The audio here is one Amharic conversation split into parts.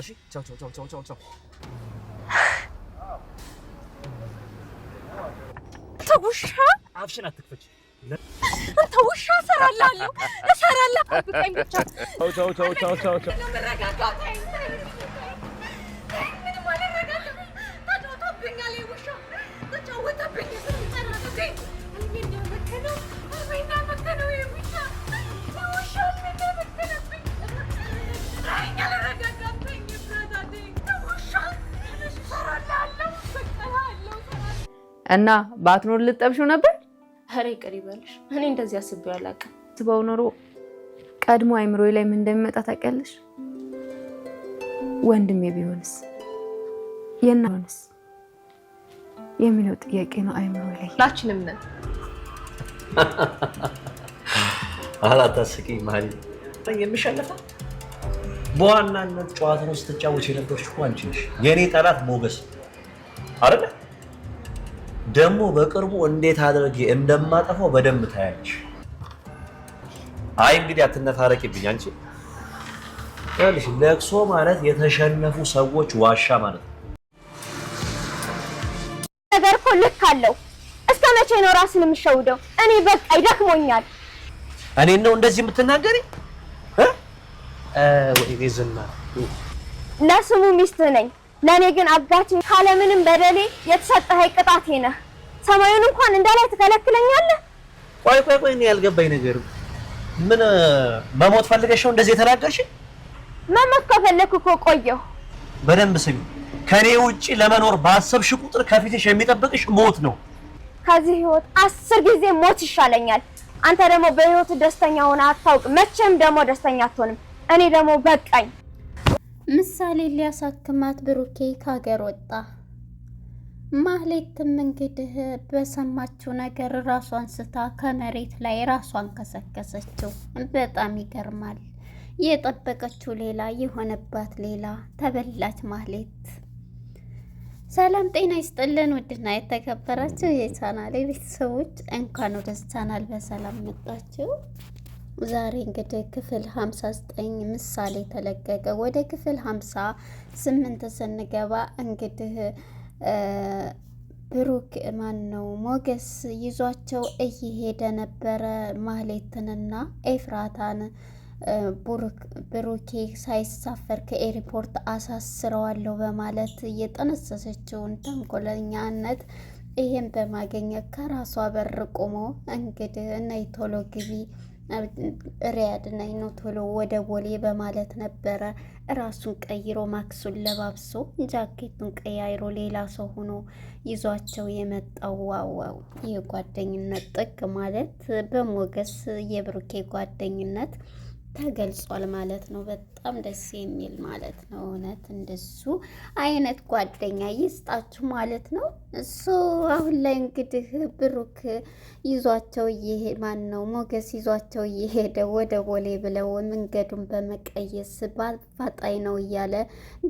እሺ ቻው ቻው ቻው ቻው ቻው። ተውሻ አፍሽን አትክፈች። ተውሻ እሰራልሃለሁ እሰራልሃለሁ። ብቻ እና ባትኖር ልጠብሽው ነበር። ኧረ ይቅር ይበልሽ። እኔ እንደዚህ አስቤው አላውቅም። ስበው ኖሮ ቀድሞ አይምሮ ላይ ምን እንደሚመጣ ታውቂያለሽ? ወንድሜ ቢሆንስ የናሆንስ የሚለው ጥያቄ ነው አይምሮ ላይ ሁላችንም ነን። አላታስቂ ማሪ የምሸነፈ በዋናነት ጨዋታውን ስትጫወች የነበርሽ እኮ አንቺ ነሽ። የእኔ ጠላት ሞገስ አይደለ ደግሞ በቅርቡ እንዴት አድርጌ እንደማጠፋው በደንብ ታያች። አይ እንግዲህ አትነታረቂብኝ አንቺ። ይኸውልሽ ለቅሶ ማለት የተሸነፉ ሰዎች ዋሻ ማለት ነው። ነገር እኮ ልክ አለው። እስከ መቼ ነው ራስን የምሸውደው? እኔ በቃ ይደክሞኛል። እኔ ነው እንደዚህ የምትናገሪ? ወይ ዝና፣ ለስሙ ሚስት ነኝ ለእኔ ግን አጋች ካለምንም በደሌ የተሰጠህ ቅጣቴ ነህ። ሰማዩን እንኳን እንዳላይ ትከለክለኛለህ? ቆይ ቆይ ቆይ፣ እኔ ያልገባኝ ነገር ምን መሞት ፈልገሽ ነው እንደዚህ የተናገርሽ? መሞት ከፈለኩ እኮ ቆየሁ። በደንብ ስሚ፣ ከኔ ውጪ ለመኖር ባሰብሽ ቁጥር ከፊትሽ የሚጠብቅሽ ሞት ነው። ከዚህ ህይወት አስር ጊዜ ሞት ይሻለኛል። አንተ ደግሞ በህይወት ደስተኛ ሆነ አታውቅ። መቼም ደግሞ ደስተኛ አትሆንም። እኔ ደግሞ በቃኝ። ምሳሌ ሊያሳክማት ብሩኬ ከሀገር ወጣ። ማህሌትም እንግዲህ በሰማችው ነገር ራሷን ስታ ከመሬት ላይ ራሷን ከሰከሰችው። በጣም ይገርማል። የጠበቀችው ሌላ የሆነባት ሌላ ተበላች ማህሌት። ሰላም ጤና ይስጥልን ውድና የተከበራችሁ የቻናሌ ቤተሰቦች እንኳን ወደ ቻናል በሰላም መጣችሁ። ዛሬ እንግዲህ ክፍል 59 ምሳሌ ተለቀቀ። ወደ ክፍል 58 ስንገባ እንግዲህ ብሩክ ማን ነው ሞገስ ይዟቸው እየሄደ ነበረ ማህሌትንና ኤፍራታን ብሩኬ ሳይሳፈር ከኤርፖርት አሳስረዋለሁ በማለት እየጠነሰሰችውን ተንኮለኛነት ይህም በማገኘት ከራሷ በር ቆሞ እንግዲህ ቶሎ ግቢ ሪያድ ነኝ ነው ቶሎ ወደ ቦሌ በማለት ነበረ ራሱን ቀይሮ ማክሱን ለባብሶ ጃኬቱን ቀያይሮ ሌላ ሰው ሆኖ ይዟቸው የመጣው ዋዋው የጓደኝነት ጥግ ማለት በሞገስ የብሩኬ ጓደኝነት ተገልጿል ማለት ነው። በጣም ደስ የሚል ማለት ነው። እውነት እንደሱ አይነት ጓደኛ ይስጣችሁ ማለት ነው። እሱ አሁን ላይ እንግዲህ ብሩክ ይዟቸው እየሄደ ማን ነው ሞገስ ይዟቸው እየሄደ ወደ ቦሌ ብለው መንገዱን በመቀየስ በአፋጣኝ ነው እያለ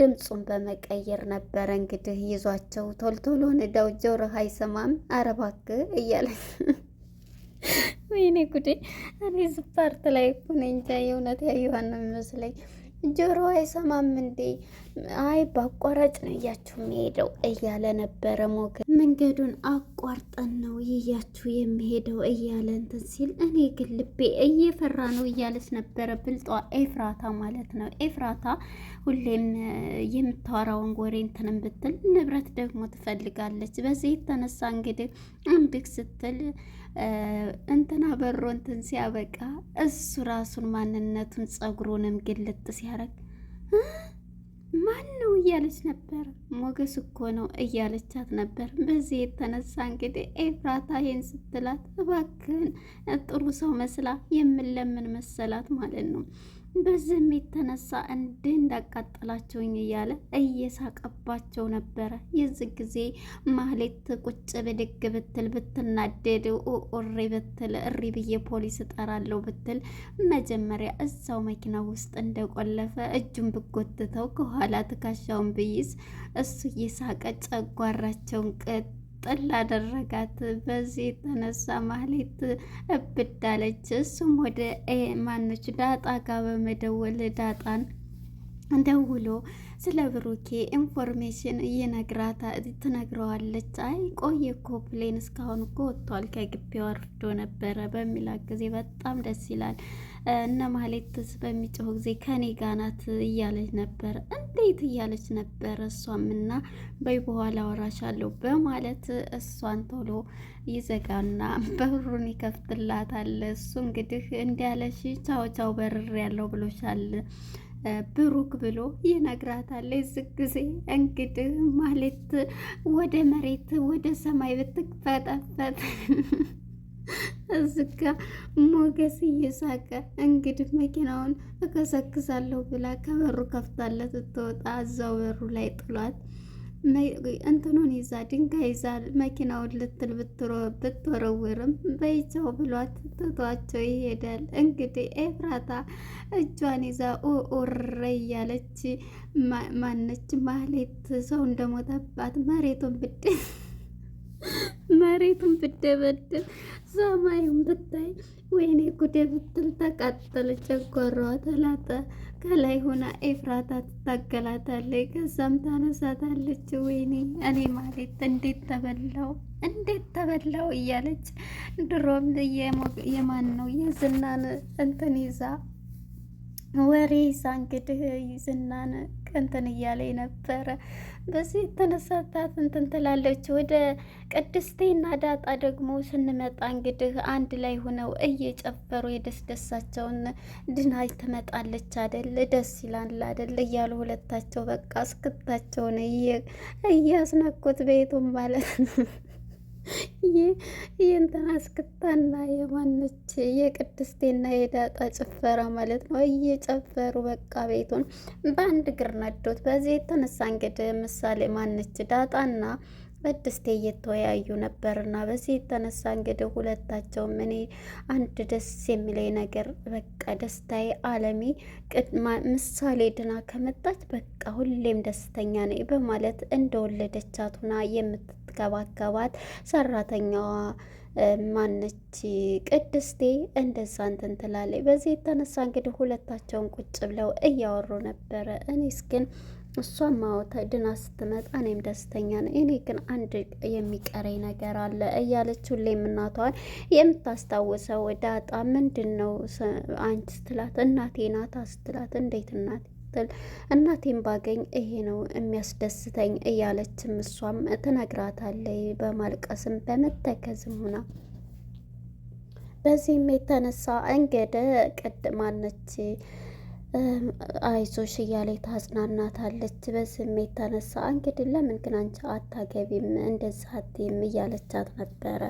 ድምፁን በመቀየር ነበረ እንግዲህ ይዟቸው ቶልቶሎን ዳውጀው ረሃ አይሰማም አረባክ እያለ ወይኔ ጉዴ! እኔ ዝፓርት ላይ እኮ ነኝ እንጃ። የእውነት ያየኋን ነው የሚመስለኝ። ጆሮ አይሰማም እንዴ? አይ በአቋራጭ ነው እያችሁ የሚሄደው እያለ ነበረ ሞገ መንገዱን አቋርጠን ነው ይያችሁ የሚሄደው እያለ እንትን ሲል እኔ ግን ልቤ እየፈራ ነው እያለች ነበረ ብልጧ ኤፍራታ ማለት ነው። ኤፍራታ ሁሌም የምታወራውን ወሬ እንትንም ብትል ንብረት ደግሞ ትፈልጋለች። በዚህ የተነሳ እንግዲህ እንብክ ስትል እንትና በሮ እንትን ሲያበቃ እሱ ራሱን ማንነቱን ጸጉሩንም ግልጥ ሲያረግ ማን ነው እያለች ነበር። ሞገስ እኮ ነው እያለቻት ነበር። በዚህ የተነሳ እንግዲህ ኤፍራታ ይህን ስትላት እባክህን ጥሩ ሰው መስላ የምለምን መሰላት ማለት ነው። በዚህም የተነሳ እንዴ እንዳቃጠላቸውኝ እያለ እየሳቀባቸው ነበረ። የዚህ ጊዜ ማህሌት ቁጭ ብድግ ብትል ብትናደድ፣ ኦሬ ብትል፣ እሪ ብዬ ፖሊስ እጠራለሁ ብትል መጀመሪያ እዛው መኪና ውስጥ እንደቆለፈ እጁን ብጎትተው ከኋላ ትከሻውን ብይዝ እሱ እየሳቀ ጨጓራቸውን ቅጥ ጥል አደረጋት። በዚህ የተነሳ ማህሌት እብዳለች። እሱም ወደ ማነች ዳጣ ጋር በመደወል ዳጣን ደውሎ ስለ ብሩኬ ኢንፎርሜሽን እየነግራታ ትነግረዋለች። አይ ቆየ እኮ ፕሌን እስካሁን እኮ ወጥቷል ከግቢው አርፍዶ ነበረ በሚላት ጊዜ በጣም ደስ ይላል። እነ ማህሌትስ በሚጮህ ጊዜ ከኔ ጋናት እያለች ነበር። እንዴት እያለች ነበር? እሷም እና በይ በኋላ አወራሻለሁ በማለት እሷን ቶሎ ይዘጋና በሩን ይከፍትላታል። እሱ እንግዲህ እንዲያለሽ ቻው ቻው በርር ያለው ብሎሻል ብሩክ ብሎ ይነግራታል። እዚ ጊዜ እንግዲህ ማለት ወደ መሬት ወደ ሰማይ ብትፈጠፈጥ እዚጋ ሞገስ እየሳቀ እንግዲህ መኪናውን እከሰክሳለሁ ብላ ከበሩ ከፍታለት ስትወጣ እዛው በሩ ላይ ጥሏት እንትኑን ይዛ ድንጋይ ይዛ መኪናውን ልትል ብትወረውርም በይቸው ብሏት ትቷቸው ይሄዳል። እንግዲህ ኤፍራታ እጇን ይዛ ኡኡረ እያለች ማነች ማህሌት ሰው እንደሞተባት መሬቱን ብድ መሬቱን ብደበድብ ሰማዩን ብታይ ወይኔ ጉዴ ብትል ተቃጠለች፣ ጨጓራዋ ተላጠ። ከላይ ሆና ኤፍራታ ትታገላታለች። ከዛም ታነሳታለች። ወይኔ እኔ ማለት እንዴት ተበላው እንዴት ተበላው እያለች ድሮም የማን ነው የዝናን እንትን ይዛ ወሬ ይዛ እንግዲህ ዝናን እንትን እያለ ነበረ። በዚህ የተነሳታት እንትን ትላለች። ወደ ቅድስቴና ዳጣ ደግሞ ስንመጣ እንግዲህ አንድ ላይ ሆነው እየጨፈሩ የደስደሳቸውን ድና ትመጣለች አደል፣ ደስ ይላል አደል እያሉ ሁለታቸው በቃ እስክታቸውን እያስነኩት ቤቱም ማለት ነው። የእንትና እስክታና የማነች የቅድስቴና የዳጣ ጭፈራ ማለት ነው። እየጨፈሩ በቃ ቤቱን በአንድ እግር ነዶት። በዚህ የተነሳ እንግዲህ ምሳሌ ማነች ዳጣና ቅድስቴ እየተወያዩ ነበርና በዚህ የተነሳ እንግዲህ ሁለታቸው እኔ አንድ ደስ የሚለኝ ነገር በቃ ደስታዬ አለሜ ምሳሌ ድና ከመጣች በቃ ሁሌም ደስተኛ ነኝ በማለት እንደወለደቻት ሁና የምት ሲንከባከባት ሰራተኛዋ ማነች ቅድስቴ እንደዛ እንትን ትላለች። በዚህ የተነሳ እንግዲህ ሁለታቸውን ቁጭ ብለው እያወሩ ነበረ። እኔስ ግን እሷም ማወተ ድና ስትመጣ እኔም ደስተኛ ነው። እኔ ግን አንድ የሚቀረኝ ነገር አለ እያለች ሁሌም እናቷን የምታስታውሰው ዳጣ ምንድን ነው አንቺ ስትላት እናቴ ናታ ስትላት እንዴት እናት ስትል እናቴን ባገኝ ይሄ ነው የሚያስደስተኝ እያለችም እሷም ትነግራታለች በማልቀስም በመተከዝም ሆና በዚህም የተነሳ እንግዲህ ቅድማነች አይዞሽ እያለ ታጽናናታለች። በስሜት ተነሳ እንግዲህ ለምን ግን አንቺ አታገቢም እንደዚህ አትይም እያለቻት ነበረ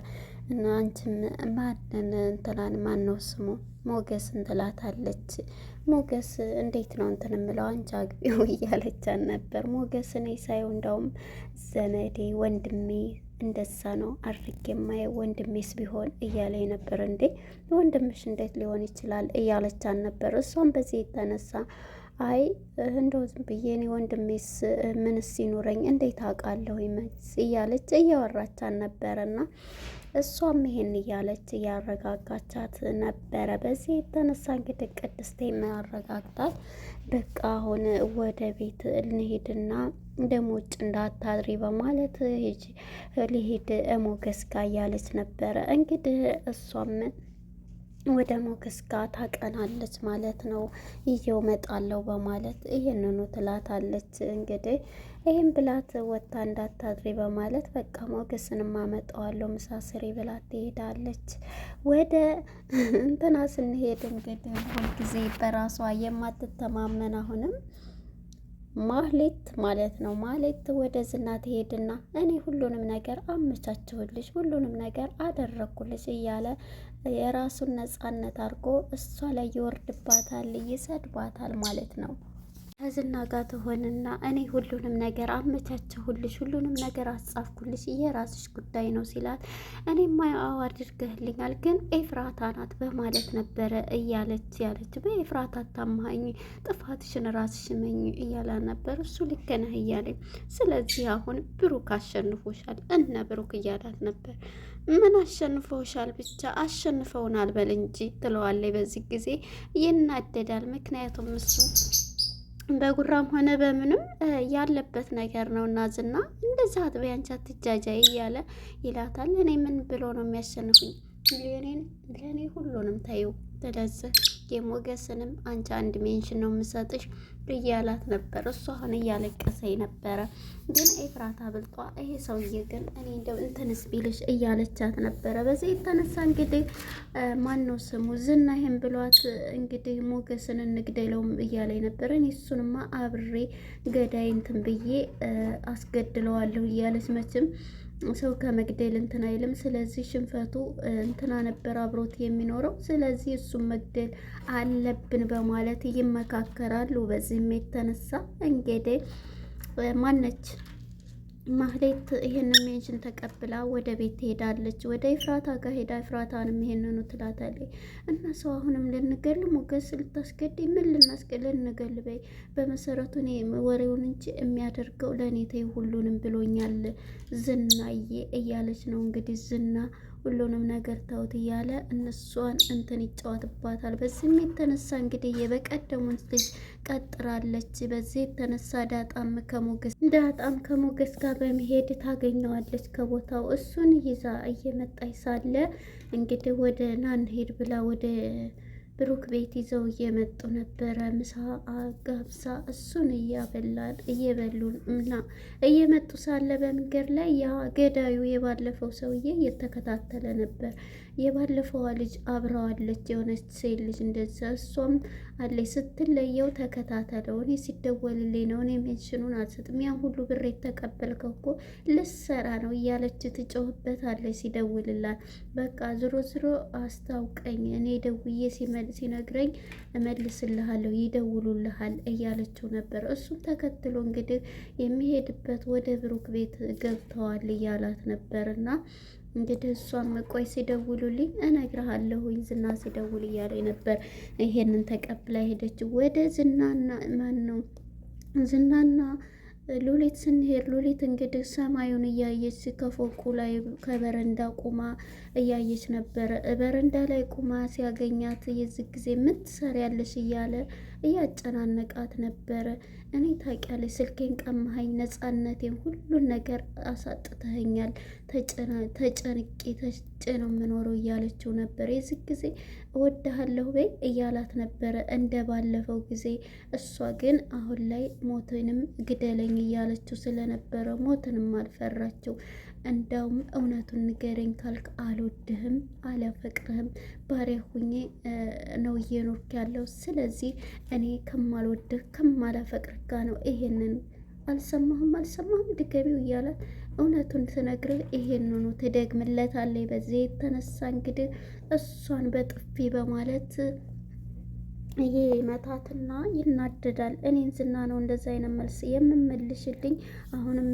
እና አንቺም ማንን እንትላን ማን ነው ስሙ ሞገስ እንትላታለች። ሞገስ እንዴት ነው እንትን ምለው አንቺ አግቢው እያለቻን ነበር። ሞገስ እኔ ሳየው እንዳውም ዘመዴ ወንድሜ እንደዛ ነው አድርጌ የማየው ወንድሜስ ቢሆን እያለ ነበር። እንዴ ወንድምሽ እንዴት ሊሆን ይችላል እያለቻን ነበር። እሷም በዚህ የተነሳ አይ እንደው ዝም ብዬ እኔ ወንድሜስ ምንስ ሲኖረኝ እንዴት አውቃለሁ ይመስ እያለች እያወራቻት ነበረና እሷም ይሄን እያለች እያረጋጋቻት ነበረ። በዚህ የተነሳ እንግዲህ ቅድስት የሚያረጋግጣት በቃ አሁን ወደ ቤት ልንሄድና ደግሞ ውጭ እንዳታድሪ በማለት ሂጂ ልሂድ ሞገስ ጋ እያለች ነበረ እንግዲህ እሷም ወደ ሞገስ ጋር ታቀናለች ማለት ነው። ይዤው መጣለው በማለት ይህንኑ ትላታለች። እንግዲህ ይህም ብላት ወታ እንዳታድሪ በማለት በቃ ሞገስን ማመጣዋለሁ ምሳስሬ ብላት ትሄዳለች። ወደ እንትና ስንሄድ እንግዲህ ሁልጊዜ በራሷ የማትተማመን አሁንም ማህሌት ማለት ነው። ማህሌት ወደ ዝና ትሄድና እኔ ሁሉንም ነገር አመቻችሁልሽ፣ ሁሉንም ነገር አደረግኩልሽ እያለ የራሱን ነጻነት አድርጎ እሷ ላይ ይወርድባታል፣ ይሰድባታል ማለት ነው። ከዝና ጋር ትሆንና እኔ ሁሉንም ነገር አመቻቸሁልሽ፣ ሁሉንም ነገር አጻፍኩልሽ፣ የራስሽ ጉዳይ ነው ሲላት እኔ አዎ አድርገህልኛል፣ ግን ኤፍራታ ናት በማለት ነበረ እያለች ያለች በኤፍራታ ታማኝ ጥፋትሽን ራስሽ መኝ እያለ ነበር እሱ ልክ ነህ እያለኝ፣ ስለዚህ አሁን ብሩክ አሸንፎሻል እነ ብሩክ እያላት ነበር። ምን አሸንፎሻል? ብቻ አሸንፈውናል በል እንጂ ትለዋለች። በዚህ ጊዜ ይናደዳል። ምክንያቱም እሱ በጉራም ሆነ በምንም ያለበት ነገር ነው እና ዝና እንደዚህ አጥቢያ አንቺ አትጃጃይ እያለ ይላታል። እኔ ምን ብሎ ነው የሚያሸንፉኝ? ለእኔን ለእኔ ሁሉንም ታዩ ስለዚህ የሞገስንም አንቺ አንድ ሜንሽን ነው የምሰጥሽ እያላት ነበር። እሱ አሁን እያለቀሰኝ ነበረ። ግን ኤፍራታ ብልጧ ይሄ ሰውዬ ግን እኔ እንደው እንትንስ ቢልሽ እያለቻት ነበረ። በዚህ የተነሳ እንግዲህ ማን ነው ስሙ ዝና ይሄን ብሏት እንግዲህ ሞገስን እንግደለውም እያለኝ ነበር። እኔ እሱንማ አብሬ ገዳይ እንትን ብዬ አስገድለዋለሁ እያለች መቼም ሰው ከመግደል እንትን አይልም። ስለዚህ ሽንፈቱ እንትና ነበር አብሮት የሚኖረው ስለዚህ እሱም መግደል አለብን በማለት ይመካከራሉ። በዚህም የተነሳ እንግዲህ ማነች ማህሌት ይሄን ሜንሽን ተቀብላ ወደ ቤት ትሄዳለች። ወደ ኤፍራታ ጋር ሄዳ ኤፍራታንም ይሄንኑ ትላታለች። እና ሰው አሁንም ልንገል ሞገስ ልታስገድ ምን ልናስገል ልንገል በይ። በመሰረቱ እኔ ወሬውን እንጂ የሚያደርገው ለእኔ ተይ ሁሉንም ብሎኛል ዝናዬ እያለች ነው እንግዲህ ዝና ሁሉንም ነገር ተውት እያለ እነሷን እንትን ይጫወትባታል። በዚህም የተነሳ እንግዲህ የበቀደሙን ልጅ ቀጥራለች። በዚህ የተነሳ ዳጣም ከሞገስ ዳጣም ከሞገስ ጋር በመሄድ ታገኘዋለች ከቦታው እሱን ይዛ እየመጣች ሳለ እንግዲህ ወደ ናን ሄድ ብላ ወደ ብሩክ ቤት ይዘው እየመጡ ነበረ። ምሳ ጋብሳ እሱን እያበላን እየበሉን እና እየመጡ ሳለ በመንገድ ላይ ያ ገዳዩ የባለፈው ሰውዬ እየተከታተለ ነበር። የባለፈዋ ልጅ አብረዋለች የሆነች ሴት ልጅ እንደዛ እሷም አለች ስትለየው ተከታተለው። እኔ ሲደወልልኝ ነው እኔ ሜንሽኑን አልሰጥም፣ ያ ሁሉ ብር የተቀበልከው እኮ ልሰራ ነው እያለች ትጮህበት አለች ሲደውልላት። በቃ ዝሮ ዝሮ አስታውቀኝ እኔ ደውዬ ሲመ ሲነግረኝ እመልስልሃለሁ፣ ይደውሉልሃል እያለችው ነበር። እሱም ተከትሎ እንግዲህ የሚሄድበት ወደ ብሩክ ቤት ገብተዋል እያላት ነበር እና እንግዲህ እሷም ቆይ ሲደውሉልኝ እነግርሃለሁኝ ዝና ሲደውል እያለኝ ነበር። ይሄንን ተቀብላ ሄደች ወደ ዝናና ማን ነው ዝናና ሉሊት ስንሄድ ሉሊት እንግዲህ ሰማዩን እያየች ከፎቁ ላይ ከበረንዳ ቁማ እያየች ነበረ። በረንዳ ላይ ቁማ ሲያገኛት የዚህ ጊዜ ምን ትሰሪያለሽ እያለ እያጨናነቃት ነበረ። እኔ ታውቂያለሽ፣ ስልኬን ቀማኸኝ፣ ነፃነቴን፣ ሁሉን ነገር አሳጥተኸኛል፣ ተጨንቄ ተጭ ነው የምኖረው እያለችው ነበር። የዚህ ጊዜ እወድሃለሁ በይ እያላት ነበረ እንደ ባለፈው ጊዜ። እሷ ግን አሁን ላይ ሞትንም ግደለኝ እያለችው ስለነበረ ሞትንም አልፈራችው። እንደውም እውነቱን ንገረኝ ካልክ አልወድህም አላፈቅርህም ባሪያ ሁኜ ነው እየኖርክ ያለው። ስለዚህ እኔ ከማልወድህ ከማላፈቅርህ ጋ ነው ይሄንን አልሰማህም አልሰማህም ድገሚው እያላት እውነቱን ስነግርህ ይሄንኑ ትደግምለታለህ። በዚህ የተነሳ እንግዲህ እሷን በጥፊ በማለት ይሄ መታትና ይናደዳል። እኔን ዝና ነው እንደዛ አይነት መልስ የምመልሽልኝ? አሁንም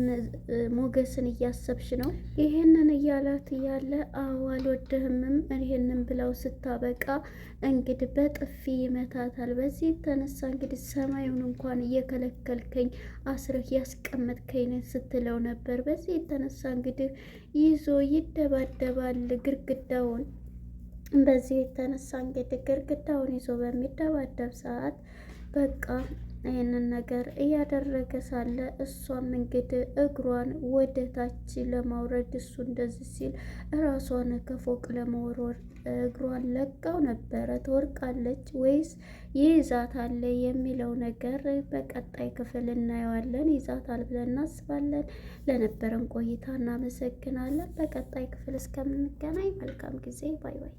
ሞገስን እያሰብሽ ነው? ይሄንን እያላት እያለ አዎ አልወደህምም። ይሄንን ብለው ስታበቃ እንግዲህ በጥፊ ይመታታል። በዚህ የተነሳ እንግዲህ ሰማዩን እንኳን እየከለከልከኝ አስረህ ያስቀመጥከኝ ስትለው ነበር። በዚህ የተነሳ እንግዲህ ይዞ ይደባደባል ግርግዳውን በዚህ የተነሳ እንግዲህ ግድግዳውን ይዞ በሚደባደብ ሰዓት በቃ ይህንን ነገር እያደረገ ሳለ እሷም እንግዲህ እግሯን ወደ ታች ለማውረድ እሱ እንደዚህ ሲል እራሷን ከፎቅ ለመወርወር እግሯን ለቃው ነበረ። ትወርቃለች ወይስ ይይዛታል የሚለው ነገር በቀጣይ ክፍል እናየዋለን። ይዛታል ብለን እናስባለን። ለነበረን ቆይታ እናመሰግናለን። በቀጣይ ክፍል እስከምንገናኝ መልካም ጊዜ። ባይ ባይ።